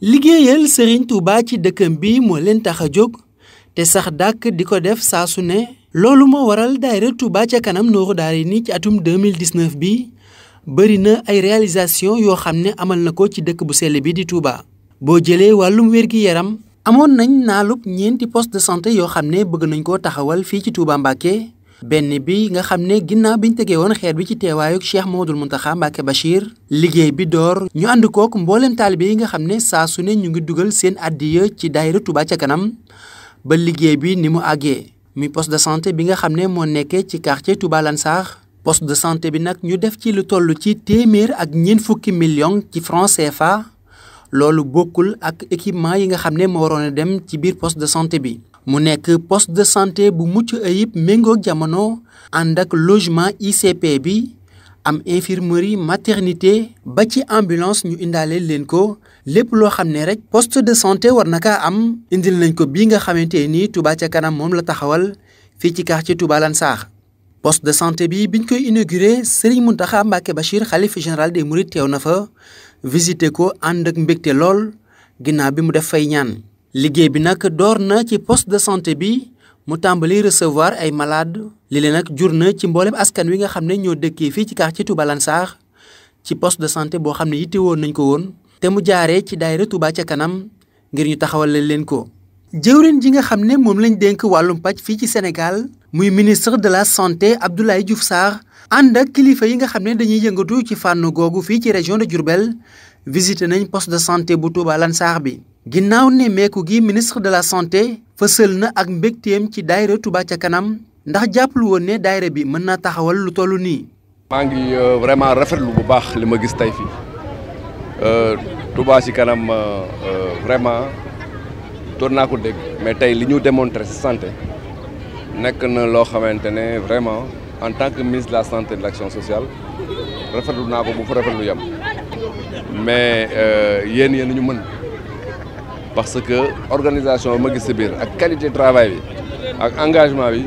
liggéeyal sëriñ Touba ci dëkkam bi moo leen tax a jóg te sax dàkk di ko def saa su ne loolu moo waral daayira Touba ca kanam nooru daari ni ci atum 2019 bi bëri na ay réalisation yoo xam ne amal na ko ci dëkk bu sell bi di Touba. boo jëlee wàllum wér-gi-yaram amoon nañ naalub ñeenti poste de santé yoo xam ne bëgg nañ koo taxawal fii ci Touba Mbacké benn bi nga xam ne ginnaaw ñu tegee woon xeer bi ci teewaayu Cheikh Mouhamadoul Mountakha Mbacké Bachir liggéey bi door ñu ànd kook mbooleem taalibe yi nga xam ne saa su ne ñu ngi dugal seen addiya ci daayira Touba ca kanam ba liggéey bi ni mu àggee mi poste de santé bi nga xam ne moo nekkee ci quartier Touba Lansar poste de santé bi nag ñu def ci lu toll ci téeméer ak ñeent fukki million ci franc CFA loolu bokkul ak équipement yi nga xam ne moo waroon a dem ci biir poste de santé bi mu nekk poste de santé bu mucc ayib méngoog jamono ànd ak logement ICP bi am infirmerie maternité ba ci ambulance ñu indaale leen ko lépp loo xam ne rek poste de santé war na am indil nañ ko bii nga xamante ni Touba ca kanam moom la taxawal fii ci quartier Touba saax poste de santé bi biñ koy inauguré Serigne Mountakha Mbacké Bachir xalif général des Mourides teew na fa visité ko ànd ak mbégte lool ginnaaw bi mu def fay ñaan liggéey bi nag door na ci poste de santé bi mu tàmbali resevoir ay malade lileen leen nag jur na ci mboolem askan wi nga xam ne ñoo dëkkee fii ci ci Touba Lansar ci poste de santé boo xam ne yitte woon nañ ko woon te mu jaaree ci daayira Touba ca kanam ngir ñu taxawal leen ko. jëwrin ji nga xam ne moom lañ dénk wàllum paj fii ci Sénégal muy ministre de la santé Abdoulaye Diouf Sarr ànd ak kilifa yi nga xam ne dañuy yëngatu ci fànn googu fii ci région de Diourbel visité nañ poste de santé bu Touba Lansar bi. ginnaaw ne meeku gi ministre de la santé fësal na ak mbégteem ci daayira Touba ca kanam ndax jàppalu woon ne daayira bi mën naa taxawal lu tollu nii. maa ngi euh, vraiment rafetlu bu baax li ma gis tey fii euh, Touba ci kanam euh, vraiment doon naa ko dégg mais tey li ñu démontré ci santé nekk na loo xamante ne vraiment en tant que ministre de la santé de l'action sociale rafetlu naa ko bu fa lu yam mais yéen yéen ñu mën. parce que organisation ma gis si biir ak qualité travail bi ak engagement bi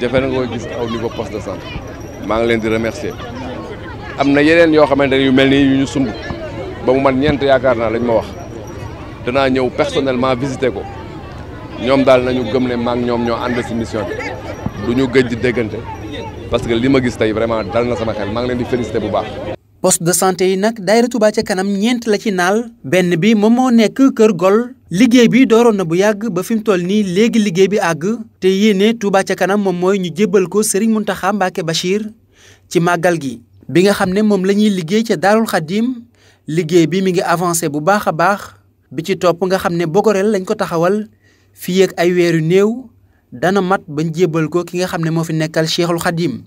jafe na nga gis au niveau poste de sant maa ngi leen di remercier am na yeneen yoo xamante ne yu mel nii yu ñu sumb ba mu mat ñeent yaakaar naa lañu ma wax danaa ñëw personnellement visiter ko ñoom daal nañu gëm ne maa ñoom ñoo ànd si mission du ñu gëj di déggante parce que li ma gis tey vraiment dal na sama xel maa ngi leen di féliciter bu baax. poste de santé yi nag daayira Touba ca kanam ñeent la ci naal benn bi moom moo nekk Kër Gol liggéey bi dooroon na bu yàgg ba fi mu toll nii léegi liggéey bi àgg te yéene Touba ca kanam moom mooy ñu jébbal ko Serigne Mountakha Mbacké Bachir ci màggal gi bi nga xam ne moom la ñuy liggéey ca Daarul Xaddim liggéey bi mi ngi avancé bu baax a baax bi ci topp nga xam ne Bogorel lañ ko taxawal fii yéeg ay weer yu néew dana mat bañ jébbal ko ki nga xam ne moo fi nekkal Cheikhul Xaddim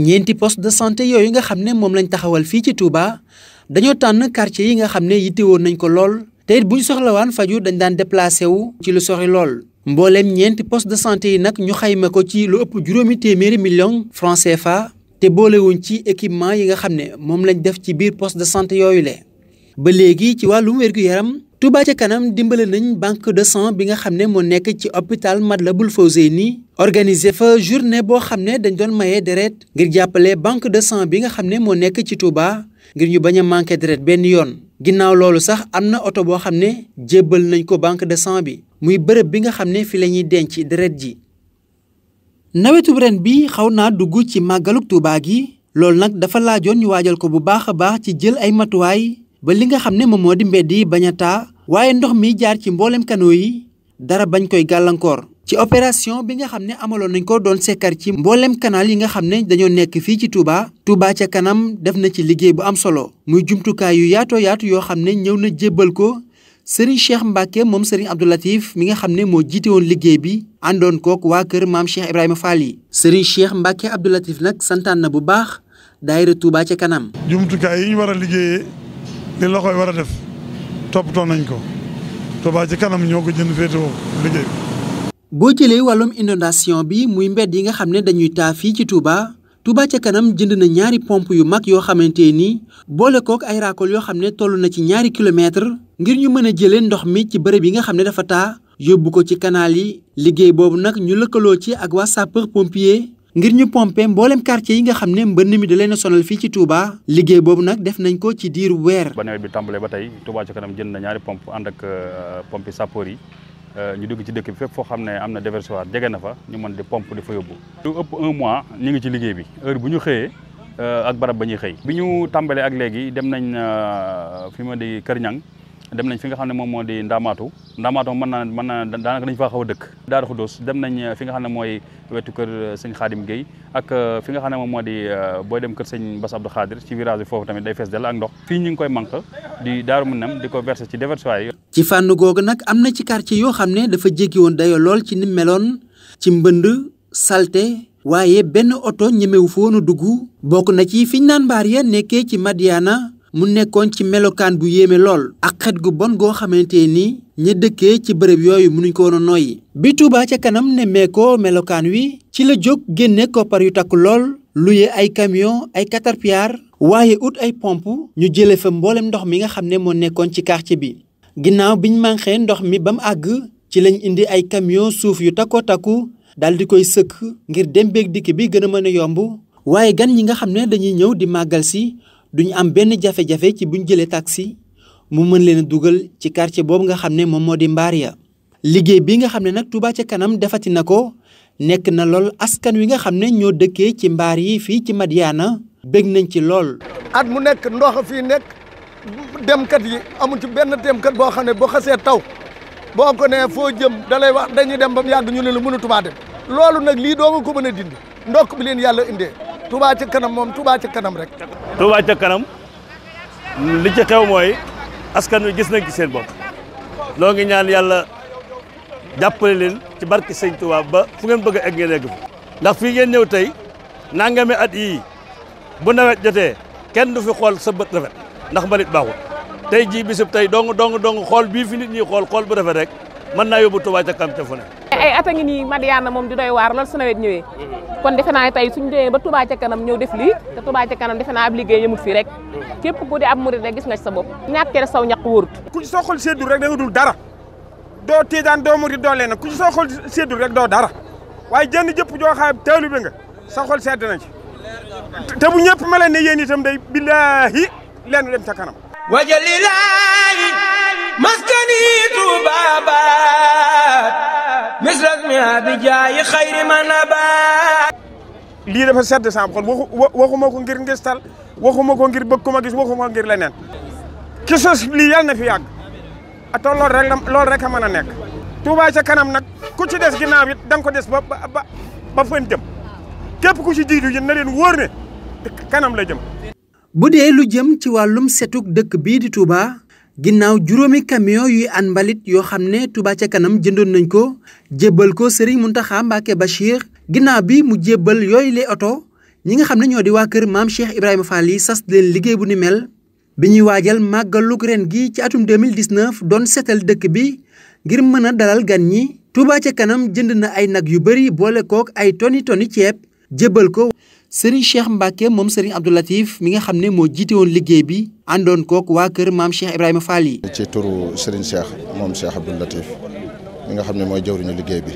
ñeenti poste de santé yooyu nga xam ne moom lañ taxawal fii ci Touba dañoo tànn quartier yi nga xam ne woon nañ ko lool te it bu ñu soxlawaan faju dañ daan déplacé wu ci lu sori lool. mbooleem ñeenti poste de santé yi nag ñu xayma ko ci lu ëpp juróomi téeméeri million francs fa te boolewuñ ci équipement yi nga xam ne moom lañ def ci biir poste de santé yooyu le ba léegi ci wàllum wér yaram Touba ci kanam dimbale nañ banque de sang bi nga xam ne moo nekk ci hôpital Matlaboul Fawzeyni organiser fa journée boo xam ne dañ doon maye deret ngir jàppale banque de sang bi nga xam ne moo nekk ci Touba ngir ñu bañ a manqué deret benn yoon ginnaaw loolu sax am na oto boo xam ne jébbal nañ ko banque de sang bi muy bërëb bi nga xam ne fi la ñuy denc deret ji nawetub ren bi xaw naa dugg ci màggaluk Touba gi loolu nag dafa laajoon ñu waajal ko bu baax a baax ci jël ay matuwaay ba li nga xam ne moom moo di mbedd yi bañ a taa waaye ndox miy jaar ci mboolem kano yi dara bañ koy gàllankoor ci opération bi nga xam ne amaloon nañ ko doon sekkar ci mboolem kanaal yi nga xam ne dañoo nekk fii ci Touba. Touba ca kanam def na ci liggéey bu am solo muy jumtukaay yu yaatoo yaatu yoo xam ne ñëw na jébbal ko Serigne Cheikh Mbacke moom Serigne Abdou Latif mi nga xam ne moo jiite woon liggéey bi àndoon kook waa kër maam Cheikh Ibrahima Fall yi. Serigne Cheikh Mbacke Abdou Latif nag santaan na bu baax daayira Touba ca kanam. jumtukaay yi ñu war a liggéeyee li war a def toppatoo nañ ko ñoo ko boo jëlee wàllum inondation bi muy mbedd yi nga xam ne dañuy taa fii ci Touba Touba ca kanam jënd na ñaari pompe yu mag yoo xamante ni boole kook ay raakool yoo xam ne toll na ci ñaari kilomètre ngir ñu mën a jëlee ndox mi ci bërëb yi nga xam ne dafa taa yóbbu ko ci kanaal yi liggéey boobu nag ñu lëkkaloo ci ak waa sapeur ngir ñu pompe mboolem quartier yi nga xam ne mbënn mi da leen a sonal fii ci Touba liggéey boobu nag def nañ ko ci diiru weer. ba nawet bi tàmbalee ba tey Touba ca kanam jënd na ñaari pompe ànd ak euh, pompe sapeur yi Euh, ñu dugg ci dëkk bi fépp foo xam ne am na déversoir jege na fa ñu mën di pompe di fa yóbbu. lu ëpp un mois ñu ngi ci liggéey bi heure bu ñu xëyee euh, ak barab ba ñuy xëy. bu ñu tàmbalee ak léegi dem nañ euh, fi ma di Kër Ñang dem nañ fi nga xam ne moom moo di Ndamaatu Ndamaatu mën naa mën naa daanaka dañ faa xaw a dëkk Daaru Xudóos dem nañ fi nga xam ne mooy wetu kër sëñ Xaadim Guèye ak euh, fi nga xam ne moom moo di euh, boo dem kër sëñ Bass Abdou Khadir ci virage bi foofu tamit day fees dell ak ndox fii ñu koy manque di Daaru Minam di ko verser ci déversoir yi ci fànn nag am na ci quartier yoo xam ne dafa jéggi woon dayo lool ci ni meloon ci mbënd waaye benn oto ñemewu fa a dugg bokk na ci fiñ naan mbaar ya nekkee ci Madiana mu nekkoon ci melokaan bu yéeme lool ak xet gu bon goo xamante ni ñi dëkke ci bërëb yooyu mënuñ ko woon a noyyi bi Touba ca kanam ne meekoo melokaan wi ci la jóg génne koppar yu takku lool luye ay camion ay caterpillar waaye ut ay pomp ñu jële fa mboolem ndox mi nga xam ne moo nekkoon ci quartier bi ginnaaw biñ mànxee ndox mi ba mu àgg ci lañ indi ay camion suuf yu takkoo takku daal di koy sëkk ngir dem beeg dikk bi gën a mën a yomb waaye gan yi nga xam ne dañuy ñëw di màggal si duñu am benn jafe-jafe ci buñ jëlee taxi mu mën leen a dugal ci quartier boobu nga xam ne moom moo di mbaar ya liggéey bi nga xam ne nag Touba ci kanam defati na ko nekk na lool askan wi nga xam ne ñoo dëkkee ci mbaar yi fii ci Madiana bég nañ ci lool. at mu nekk ndox a fii nekk demkat yi amu ci benn demkat boo xam ne boo xasee taw boo ko nee foo jëm dalay wax dañuy dem ba mu yàgg ñu ne la mënatuma dem loolu nag lii doo nga ko mën a dindi ndokk bi leen yàlla indee. Touba ca kanam moom Touba ca kanam rek. Touba ca kanam li ci xew mooy askan wi gis na ci seen bopp loo ngi ñaan yàlla jàppale leen ci barke sëñ Touba ba fu ngeen bëgg a egg ngeen egg fa ndax fii ngeen ñëw tey nangami at yii bu nawet jotee kenn du fi xool sa bët ndax mbalit baaxul tey jii bisub tey dong dong dong xool bii fi nit ñi xool xool bu rafet rek mën naa yóbbu Touba ca kanam ca fu ay eh, eh, at a ngi nii Madiyana moom di doy waar lool su nawet ñëwee mm-hmm. kon defe naa tey suñu demee ba Touba ca kanam ñëw def lii te Touba ca kanam defe naa ab liggéey yëmut fii rek mm-hmm. képp ku di ab murid rek gis nga ci sa bopp ñàkkee saw ñaq wóorut ku ci soo xool séddul rek da nga dul dara doo tiijaan doo murid doo leneen ku ci soo xool séddul rek doo dara waaye jënn jëpp joo sa xol sedd na ci te bu ñëpp meleen ne yéen itam day billaahi leen dem ca kanam wajalilaahi maskani na lii dafa sedd saam xol waxu waxuma ko ngir ngistal waxuma ko ngir bëgg ku ma gis waxuma ko ngir leneen ki sos lii yàlla na fi yàgg ate rek loolu mën a nekk Touba ca kanam nag ku ci des ginnaaw it da nga ko des ba ba ba fan jëm képp ku ci jiitu yi na leen wóor ne kanam la jëm bu dee lu jëm ci wàllum setug dëkk bii di Touba ginnaaw juróomi camion yuy an mbalit yoo xam ne Touba ca kanam jëndoon nañ ko jébbal ko Serigne Mountakha ba Bachir ginnaaw bi mu jébbal yooyu le oto ñi nga xam ne ñoo di waa kër maam Cheikh Ibrahima Fall yi sas leen liggéey bu ni mel bi ñuy waajal màggalug ren gi ci atum 2019 doon seetal dëkk bi ngir mën a dalal gan ñi Touba ca kanam jënd na ay nag yu bari boole kook ay toni toni ceeb jébbal ko sëriñ cheikh Mbacke moom sëriñ Abdou Latif mi nga xam ne moo jiite woon liggéey bi àndoon kook waa kër maam Cheikh Ibrahima Fall yi. ci turu sëriñ cheikh moom cheikh Abdou Latif mi nga xam ne mooy jëwriñu liggéey bi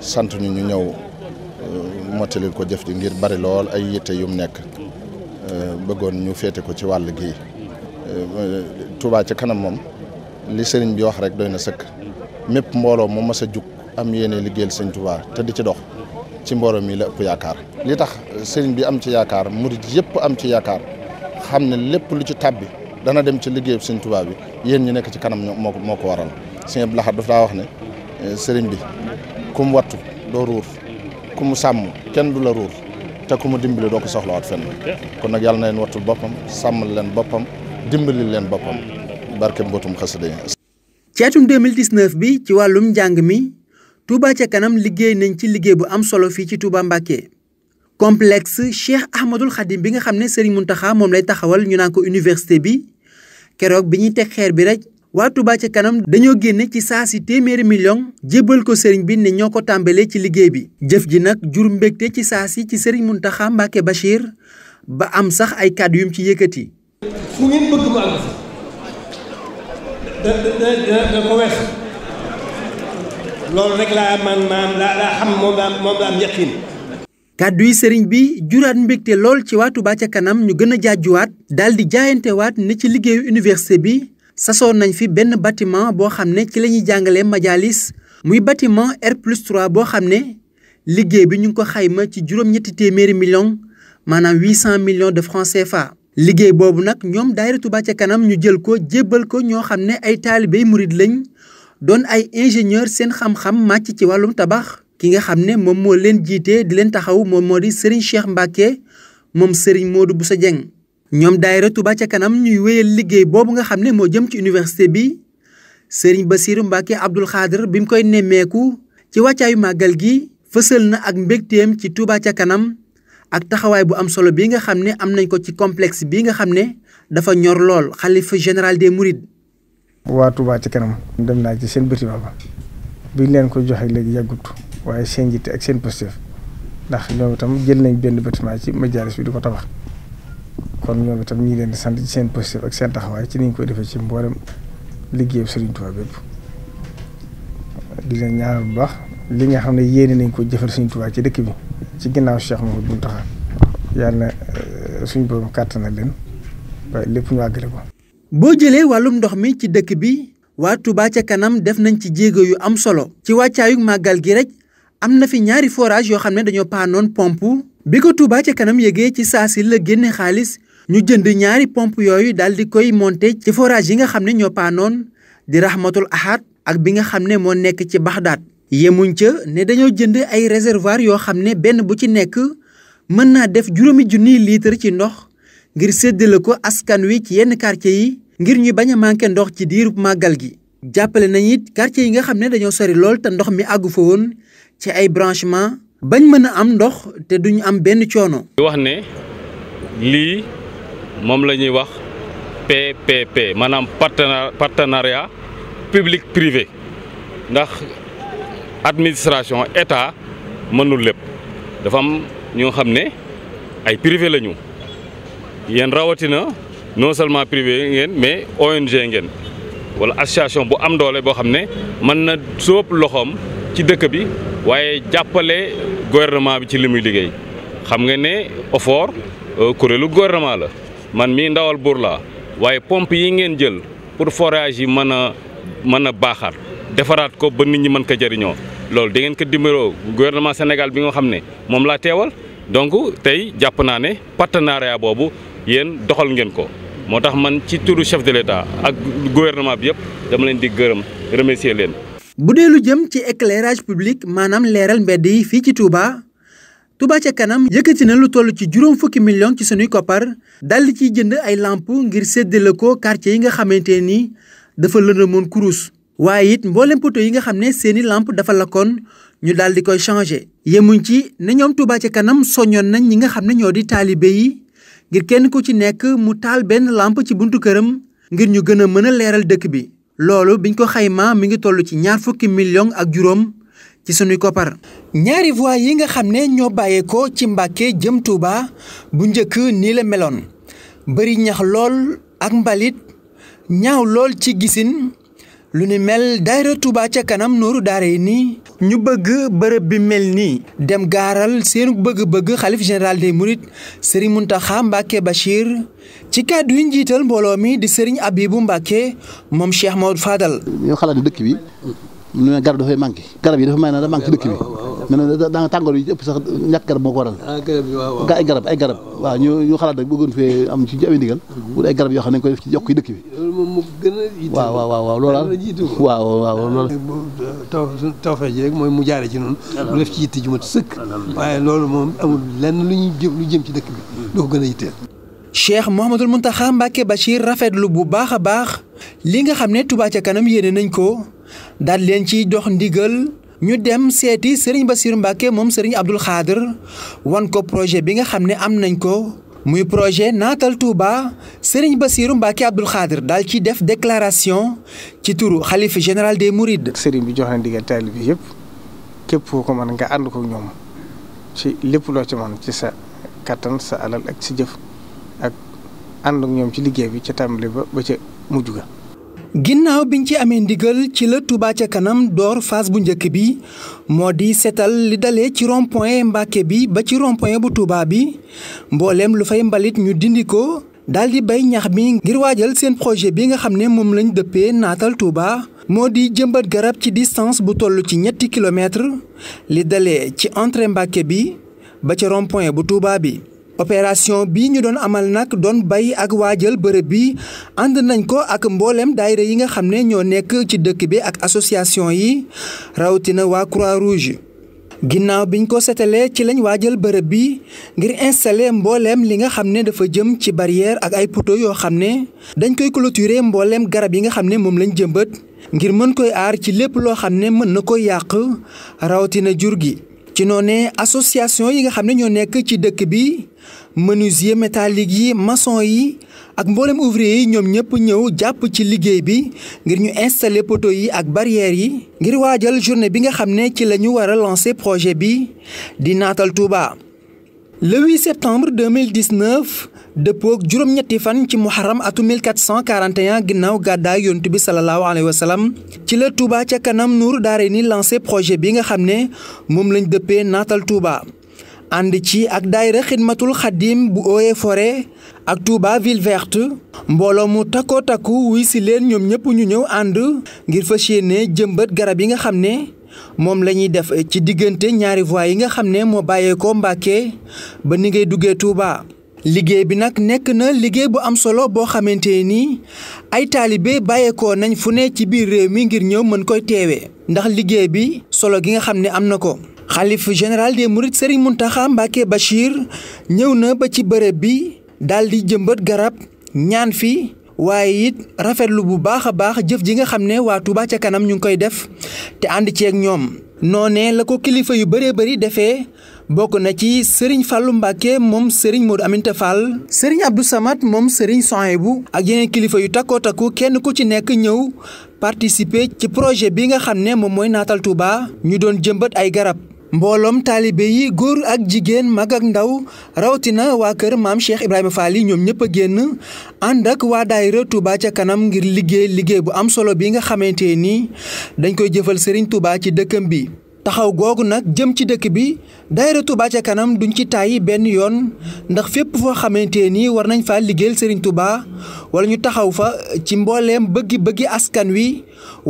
sant ñu ñu ñëw euh, mottalil ko jëf ji ngir bari lool ay yitte yu mu nekk euh, bëggoon ñu féete ko ci wàll gi euh, tubaa ci kanam moom li sëriñ bi wax rek doy na sëkk mépp mbooloo mu mas a jug am yéene liggéeyal sëñ Touba te di ci dox. ci mbooloo mi la ëpp yaakaar li tax sëriñ bi am ci yaakaar murit yëpp am ci yaakaar xam ne lépp lu ci tàbbi dana dem ci liggéeyub sëriñ Tuubaa bi yéen ñi nekk ci kanam moo ko moo ko waral sëriñ Abdou Lahad daf daa wax ne eh, sëriñ bi ku wattu doo ruur ku mu sàmm kenn du la ruur te ku mu dimbali doo ko soxla soxlawaat fenn kon nag yàlla na leen wattul boppam sàmmal leen boppam dimbali leen boppam barke mbootum xasida yi ci bi ci wàllum njàng mi Touba ca kanam liggéey nañ ci liggéey bu am solo fii ci Touba Mbacké complexe Cheikh Ahmadul Khadim bi nga xam ne sëriñ Mountakha moom lay taxawal ñu naan ko université bi keroog bi ñuy teg xeer bi rek waa Touba kanam dañoo génne ci saa si téeméeri million jébbal ko sëriñ bi ne ñoo ko tàmbalee ci liggéey bi jëf ji nag jur mbégte ci saa si ci sëriñ Mountakha Mbacké Bachir ba am sax ay kàddu yum ci yëkkati. fu loolu rek laa man maam laa laa xam moom laa am yaqiin kàddu sëriñ bi juraat mbégte lool ci waa ca kanam ñu gën a jaajuwaat daal di jaayantewaat ni ci liggéeyu université bi sasoon nañ fi benn batiment boo xam ne ci lañuy ñuy jàngalee majalis muy batiment R plus 3 boo xam ne liggéey bi ñu ngi ko xayma ci juróom-ñetti téeméeri million maanaam 800 millions de francs CFA. liggéey boobu nag ñoom daayira Touba ca kanam ñu jël ko jébbal ko ñoo xam ne ay taalibe murid lañ. doon ay ingénieur seen xam-xam màcc ci wàllum tabax ki nga xam ne moom moo leen jiitee di leen taxaw moom moo di Serigne Cheikh Mbacke moom Serigne bu sa Dieng ñoom daayira Touba ca kanam ñuy wéyal liggéey boobu nga xam ne moo jëm ci université bi Serigne Bassirou Mbacke Abdoul Khadr bi mu koy nemmeeku ci wàccaayu màggal gi fësal na ak mbégteem ci Touba ca kanam ak taxawaay bu am solo bi nga xam ne am nañ ko ci complexe bi nga xam ne dafa ñor lool xalifa général des Mourides waa Touba ci kanam dem naa ci seen batiment ba biñ leen ko joxee léegi yàggut waaye seen jiite ak seen positif ndax ñoom itam jël nañ benn bâtiment ci majaalis bi di ko tabax kon ñoom itam ñi leen di sant ci seen positif ak seen taxawaay ci niñ koy defee ci mboolem liggéeyam Serigne Touba bépp di leen ñaanal bu baax li nga xam ne yéene nañ ko jëfal Serigne Touba ci dëkk bi ci ginnaaw Cheikh Mouhamadou Mountakha yàlla euh, suñu suñ borom kàttanal leen waaye lépp ñu àggale boo jëlee wàllum ndox mi ci dëkk bi waa Touba ca kanam def nañ ci jéego yu am solo ci wàccaayu màggal gi rek am na fi ñaari forage yoo xam ne dañoo paanoon pompe bi ko Touba ca kanam yëgee ci saa si la génne xaalis ñu jënd ñaari pompe yooyu daal di koy monter ci forage yi nga xam ne ñoo paanoon di rahmatul ahad ak bi nga xam ne moo nekk ci Baxdaad yemuñ ca ne dañoo jënd ay réservoir yoo xam ne benn bu ci nekk mën naa def juróomi junniy litre ci ndox ngir séddale ko askan wi ci yenn quartier yi ngir ñuy bañ a manqué ndox ci diirub màggal gi jàppale nañ it quartier yi nga xam ne dañoo sori lool te ndox mi àggu fa woon ci ay branchement bañ mën a am ndox te duñu am benn coono. di wax ne lii moom la ñuy wax PPP maanaam partenariat public privé ndax administration état mënul lépp dafa am ñoo xam ne ay privé lañu yéen rawatina. non seulement privé ngeen mais ONG ngeen wala association bu am doole boo xam ne mën na sóob loxoom ci dëkk bi waaye jàppale gouvernement bi ci li muy liggéey xam nga ne OFOR euh, kuréelu gouvernement la man mii ndawal buur laa waaye pompe yi ngeen jël pour forage yi mën a mën a baaxaat defaraat ko ba nit ñi mën ko jariñoo loolu da ngeen ko dimbaloo gouvernement Sénégal bi nga xam ne moom laa teewal donc tey jàpp naa ne partenariat boobu yéen doxal ngeen ko moo tax man ci turu chef de l'État ak gouvernement bi yëpp dama leen di gërëm remercier leen. bu dee lu jëm ci éclairage public maanaam leeral mbedd yi fii ci Touba Touba ca kanam yëkkati na lu toll ci juróom fukki million ci sunuy koppar dal di ciy jënd ay làmp ngir séddale ko quartier yi nga xamante ni dafa lëndëmoon kurus. waaye it mboolem yi nga xam ne seeni làmp dafa lakkoon ñu daal di koy changé yemuñ ci ne ñoom Touba ci kanam soññoon nañ ñi nga xam ne ñoo di taalibe yi ngir kenn ku ci nekk mu taal benn làmp ci buntu këram ngir ñu gën a mën a leeral dëkk bi loolu biñ ko xaymaa mi ngi toll ci ñaar fukki million ak juróom ci sunuy koppar. ñaari voies yi nga xam ne ñoo bàyyeekoo ci Mbàkke jëm Touba bu njëkk nii la meloon bëri ñax lool ak mbalit ñaaw lool ci gisin lu ni mel daayira Touba ca kanam nooru daara nii ñu bëgg bërëb bi mel nii dem gaaral seenu bëgg-bëgg xalif général des Mourides sëriñ Muntaxa Mbàkke Bachir ci kàddu yi njiital mbooloo mi di sëriñ Abibu Mbàkke moom Cheikh Maodo Fadal ñoo xalaat dëkk bi ñu ne garab dafay manqué garab yi dafa may na da manqué dëkk bi ma ne daanaka tàngoor bi ëpp sax ñàkk garab moo ko waral ah, ay garab ay garab ah, waaw ñu ñu xalaat rek bëggoon fee am ci amee ndigal mhm. wut ay garab yoo xam ne ko def ci yokk yi dëkk waaw waaw waaw loola waaw waaw loola euh, taw tawfeex mooy mu jaare ci noonu ci yitte ju mat sëkk waaye loolu moom amul lenn lu ñuy jëm ci dëkk bi doo mhm. ko gën a yitteel Cheikh Mouhamadul Mountakha Mbacké Bachir rafetlu bu baax a baax li nga xam ne Touba ca kanam yéene nañ ko daal leen ciy dox ndigal ñu dem seeti Serigne Bassirou Mbacke moom Serigne Abdoul Khader wan ko projet bi nga xam ne am nañ ko muy projet naatal Touba Serigne Bassirou Mbacke Abdoul Khader daal ci def déclaration ci turu xalifa général des Mourides. Serigne bi jox na ndigal taalibe yëpp képp koo ko mën nga ànd ko ñoom ci lépp loo ci mën ci sa kattan sa alal ak sa jëf ak ànd ak ñoom ci liggéey bi ca tàmbali ba ba ca mujj ga. ginnaaw biñ ci amee ndigal ci la Touba ca kanam door phase bu njëkk bi moo di seetal li dale ci rond point Mbàkke bi ba ci rond bu Touba bi mbooleem lu fay mbalit ñu dindi ko daal di bay ñax mi ngir waajal seen projet bi nga xam ne moom lañ dëppee naatal Touba moo di jëmbat garab ci distance bu toll ci ñetti kilomètre li dale ci entrée Mbàkke bi ba ci rond bu Touba bi. opération bi ñu doon amal nag doon bay ak waajal bërëb bi ànd nañ ko ak mbooleem daayira yi nga xam ne ñoo nekk ci dëkk bi ak association yi rawatina waa croix rouge ginnaaw biñ ko setalee ci lañ waajal bërëb bi ngir installer mbooleem li nga xam ne dafa jëm ci barrière ak ay poteau yoo xam ne dañ koy clôturer mbooleem garab yi nga xam ne moom lañ jëmbat ngir mën koy aar ci lépp loo xam ne mën na koy yàq rawatina jur gi ci noone association yi nga xam ne ñoo nekk ci dëkk bi menuisier métallique yi maçon yi ak mboolem ouvrier yi ñoom ñëpp ñëw jàpp ci liggéey bi ngir ñu installer poteau yi ak barrières yi ngir waajal journée bi nga xam ne ci la ñu war a projet bi di naatal Touba. le 8 septembre 2019 dëppook juróom-ñetti fan ci muharram atu 1441 ginnaaw gàddaay yontu bi salallaahu alayhi wa salaam ci la Touba ca kanam Nour daare ni lancé projet bi nga xam ne moom lañ dëppee naatal Touba ànd ci ak daayira xidmatul xadim bu Eaux fore ak Touba ville verte mbooloo mu takkoo takku wuy si leen ñoom ñëpp ñu ñëw ànd ngir fas yéene jëmbat garab yi nga xam ne moom la ñuy def ci diggante ñaari voies yi nga xam ne moo bàyyeekoo Mbàkke ba ni ngay duggee Touba. liggéey bi nag nekk na liggéey bu am solo boo xamante nii ay taalibe bàyyeekoo nañ fu ne ci biir réew mi ngir ñëw mën koy teewee ndax liggéey bi solo gi nga xam ne am na ko. xalif général des mourides Serigne Mountakha Mbacké Bachir ñëw na ba ci bërëb bi daal di jëmbat garab ñaan fi waaye it rafetlu bu baax a baax jëf ji nga xam ne waa Touba ca kanam ñu ngi koy def te ànd ceeg ñoom. noonee la ko kilifa yu bëree bëri defee bokk na ci Serigne Fallou Mbacke moom Serigne Modou Aminta fal Serigne Abdou Samad moom Serigne bu ak yeneen kilifa yu takkoo takku kenn ku ci nekk ñëw participer ci projet bi nga xam ne moom mooy naatal Touba ñu doon jëmbat ay garab. mbooloom taalibe yi góor ak jigéen mag ak ndaw rawatina waa kër maam Cheikh Ibrahima Fall yi ñoom ñëpp a génn ànd ak waa daayira Touba ca kanam ngir liggéey liggéey bu am solo bi nga xamante ni dañ koy jëfal Serigne Touba ci dëkkam bi. taxaw googu nag jëm ci dëkk bi daayira Touba ca kanam duñ ci tàyyi benn yoon ndax fépp foo xamante ni war nañ faa liggéeyal Serigne Touba wala ñu taxaw fa ci mbooleem bëggi bëggi askan wi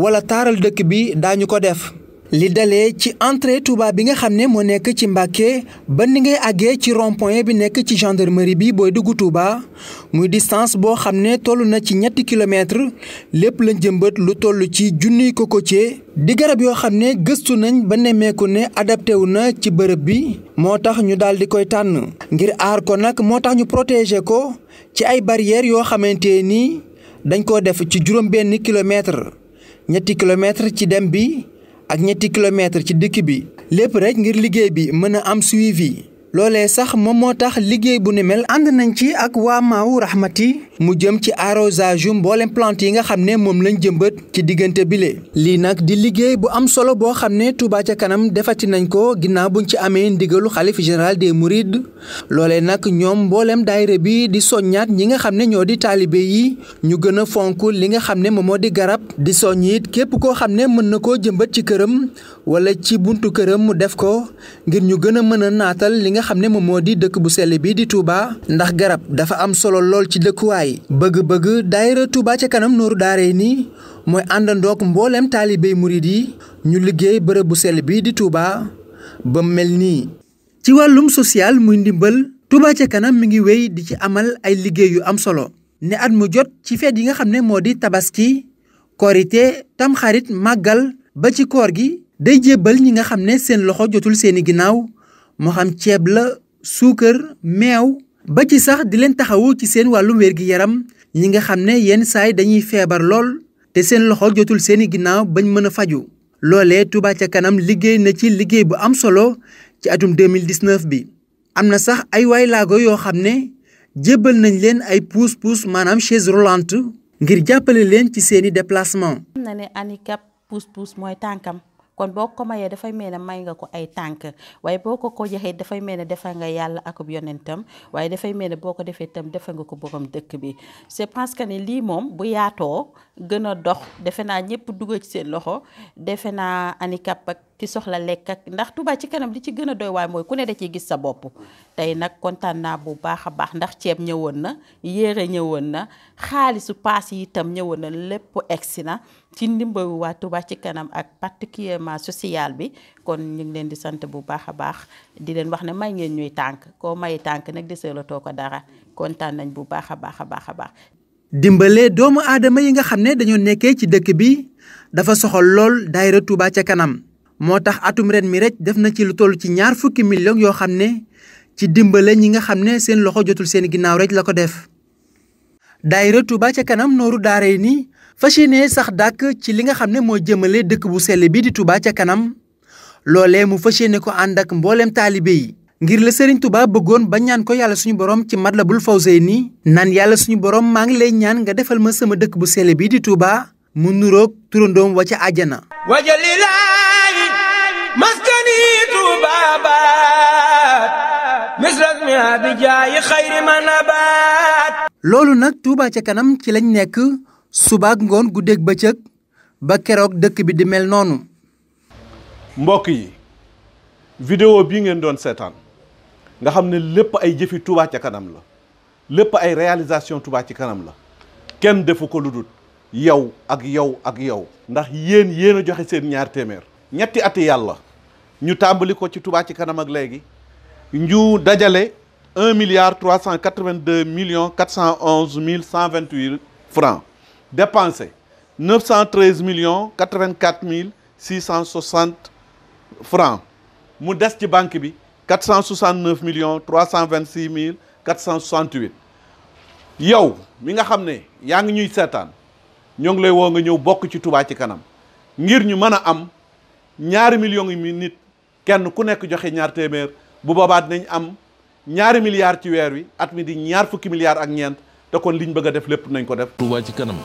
wala taaral dëkk bi daañu ko def. li dalee ci entrée Touba bi nga xam ne moo nekk ci Mbàkke ba ni ngay àggee ci rond bi nekk ci gendarmerie bi booy dugg Touba muy distance boo xam ne toll na ci ñetti kilomètre lépp lañ jëmbat lu toll ci ko cocotier di garab yoo xam ne gëstu nañ ba nemmeeku ne adapté wu na ci bërëb bi moo tax ñu daal di koy tànn ngir aar ko nag moo tax ñu protéger ko ci ay barrières yoo xamante nii dañ koo def ci juróom benn kilomètre ñetti kilomètre ci dem bi ak ñetti kilomètre ci dëkk bi lépp rek ngir liggéey bi mën a am suivi loolee sax moom moo tax liggéey bu ne mel ànd nañ ci ak waa Maawu mu jëm ci arrosage yu mboolem plante yi nga xam ne moom lañ jëmbat ci diggante bile. lii nag di liggéey bu am solo boo xam ne Touba ca kanam defati nañ ko ginnaaw buñ ci amee ndigalu xalif général des Mourides loolee nag ñoom mboolem daayira bi di soññaat ñi nga xam ne ñoo di taalibe yi ñu gën a fonk li nga xam ne moom moo di garab di soññ képp koo xam ne mën na koo jëmbat ci këram wala ci buntu këram mu def ko ngir ñu gën a mën a naatal xam ne moom moo di dëkk bu sell bii di Touba ndax garab dafa am solo lool ci dëkkuwaay bëgg-bëgg daayira Touba ca kanam nooru daaree nii mooy àndandoog mbooleem taalibey murid yi ñu liggéey bërëb bu sell bii di Touba ba mel nii. ci wàllum social muy ndimbal Touba ca kanam mu ngi wéy di ci amal ay liggéey yu am solo ne at mu jot ci feet yi nga xam ne moo di tabaski korite tamxarit màggal ba ci koor gi day jébbal ñi nga xam ne seen loxo jotul seeni ginnaaw. moo xam ceeb la suukar meew ba ci sax di leen taxawu ci seen wàllu wér-gi-yaram ñi nga xam ne yenn saay dañuy feebar lool te seen loxo jotul seeni ginnaaw bañ mën a faju loolee Touba ca kanam liggéey na ci liggéey bu am solo ci atum 2019 bi am na sax ay waay laago yoo xam ne jébbal nañ leen ay pousse-pousse maanaam chaise roulante ngir jàppale leen ci seeni déplacement. am na ne handicap pousse-pousse mooy tànkam. kon boo ko mayee dafay mel ne may nga ko ay tànk waaye boo ko ko joxee dafay mel ne defal nga yàlla akub yonentam waaye dafay mel ne boo ko defee itam defal nga ko borom dëkk bi je pense que ni lii moom bu yaatoo gën a dox defe naa ñëpp dugal ci seen loxo defe naa handicap ak ki soxla lekk ndax tubaa ci kanam li ci gën a doy waaye mooy ku ne da ciy gis sa bopp. tey nag kontaan naa bu baax a baax ndax ceeb ñëwoon na yére ñëwoon na xaalisu paas yi ñëwoon na lépp egsi na ci ndimbalu waa ci kanam ak particulièrement social bi kon ñu ngi leen di sant bu baax a baax di leen wax ne may ngeen ñuy tànk koo mayi tànk nag deseelatoo ko dara kontaan nañ bu baax a baax a baax a baax. dimbale doomu aadama yi nga xam ne dañoo nekkee ci dëkk bi dafa soxal lool daayira Touba ca kanam moo tax atum ren mi rek def na ci lu toll ci ñaar fukki millions yoo xam ne ci dimbale ñi nga xam ne seen loxo jotul seen ginnaaw rek la ko def. daayira Touba ca kanam nooru daara yi nii fas yéene sax dàkk ci li nga xam ne moo jëmale dëkk bu sell bi di Touba ca kanam loole mu fas yéene ko ànd ak mboolem taalibe yi. ngir la Serigne Touba bëggoon ba ñaan ko yàlla suñu borom ci la bul Matlabul Fawzayni naan yàlla suñu boroom maa ngi lay ñaan nga defal ma sama dëkk bu sele bii di Touba mu nuroog turandoom wa ca àjjana wajalilaayi maskani Touba baat misras mi abijaayi xayri manabaat loolu nag Touba ca kanam ci lañ nekk subaak ngoon guddeeg bëccëg ba keroog dëkk bi di mel noonu mbokk yi vidéo bi ngeen doon seetaan nga xam ne lépp ay jëfi Touba ca kanam la lépp ay réalisation Touba ci kanam la kenn defu ko lu dul yow ak yow ak yow ndax yéen yéen a joxe seen ñaar téeméer ñetti ati yàlla ñu tàmbali ko ci Touba ci kanam ak léegi ñu dajale un milliard trois cent quatre-vingt-deux millions cent onze mille cent vingt-huit francs dépensé neuf cent treize millions quatre vingt mille six cent soixante francs mu des ci banque bi 469 millions 326 mille 468 yow mi nga xam ne yaa ngi ñuy seetaan ñoo ngi lay woo nga ñëw bokk ci tubaa ci kanam ngir ñu mën a am ñaari million yi nit kenn ku nekk joxe ñaar téeméer bu boobaa dinañ am ñaari milliards ci weer wi at mi di ñaar fukki milliards ak ñeent te kon liñ bëgg def lépp nañ ko def. Touba ci kanam.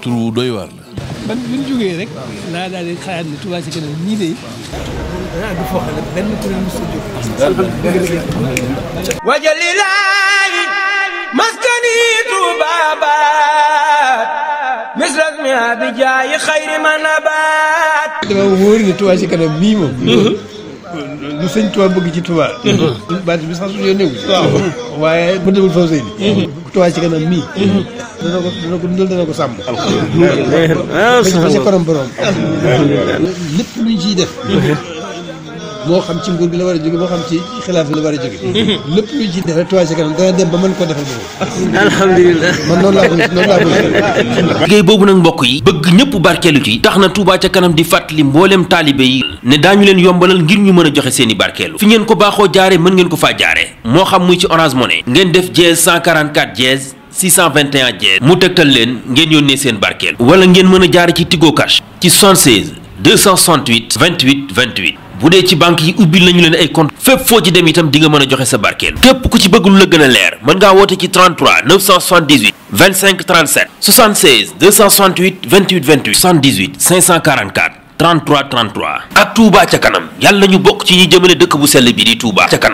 tur wu doy waar la. ban bi jógee rek. laa daal di xalaat ne Touba ci kanam ñii de. wajalilaayi maskani tuubaabaat misras mi abijaayi xayri ma nabaat dama wóor ni Touba ci kanam mii moom mmh. lu sëñ Touba bëgg ci Touba mmh. baat bi sax su ñoo néew waaye mu demul faw sëy ni Touba ci kanam mii mmh. dana ko dana ko dundal dana ko sàmm ba ci kanam borom lépp luñ ciy def moo xam ci nguur la war a jóge moo xam ci xilaaf gi war a jóge lépp luñ ci def rek Touba ca boobu nag mbokk yi bëgg ñëpp barkeelu ci tax na Touba ca kanam di fàttali mbooleem taalibe yi ne daañu leen yombalal ngir ñu mën a joxe seeni i barkeelu fi ngeen ko baaxoo jaare mën ngeen ko faa jaare moo xam muy ci Orange Money ngeen def dièse 144 dièse 621 dièse mu tegtal leen ngeen yónnee seen barkeelu wala ngeen mën a jaare ci Tigo Cash ci 76 268 28 28 bu dee ci banque yi ubbil nañu leen ay compte fépp foo ci dem itam di mën a joxe sa barkeel képp ku ci bëgg lu la gën a leer mën ngaa woote ci 33 978 25 37 76 268 28 28 78 544 33 33 ak Touba ca kanam yàlla ñu bokk ci ñi jëmale dëkk bu sell bi di Touba ca kanam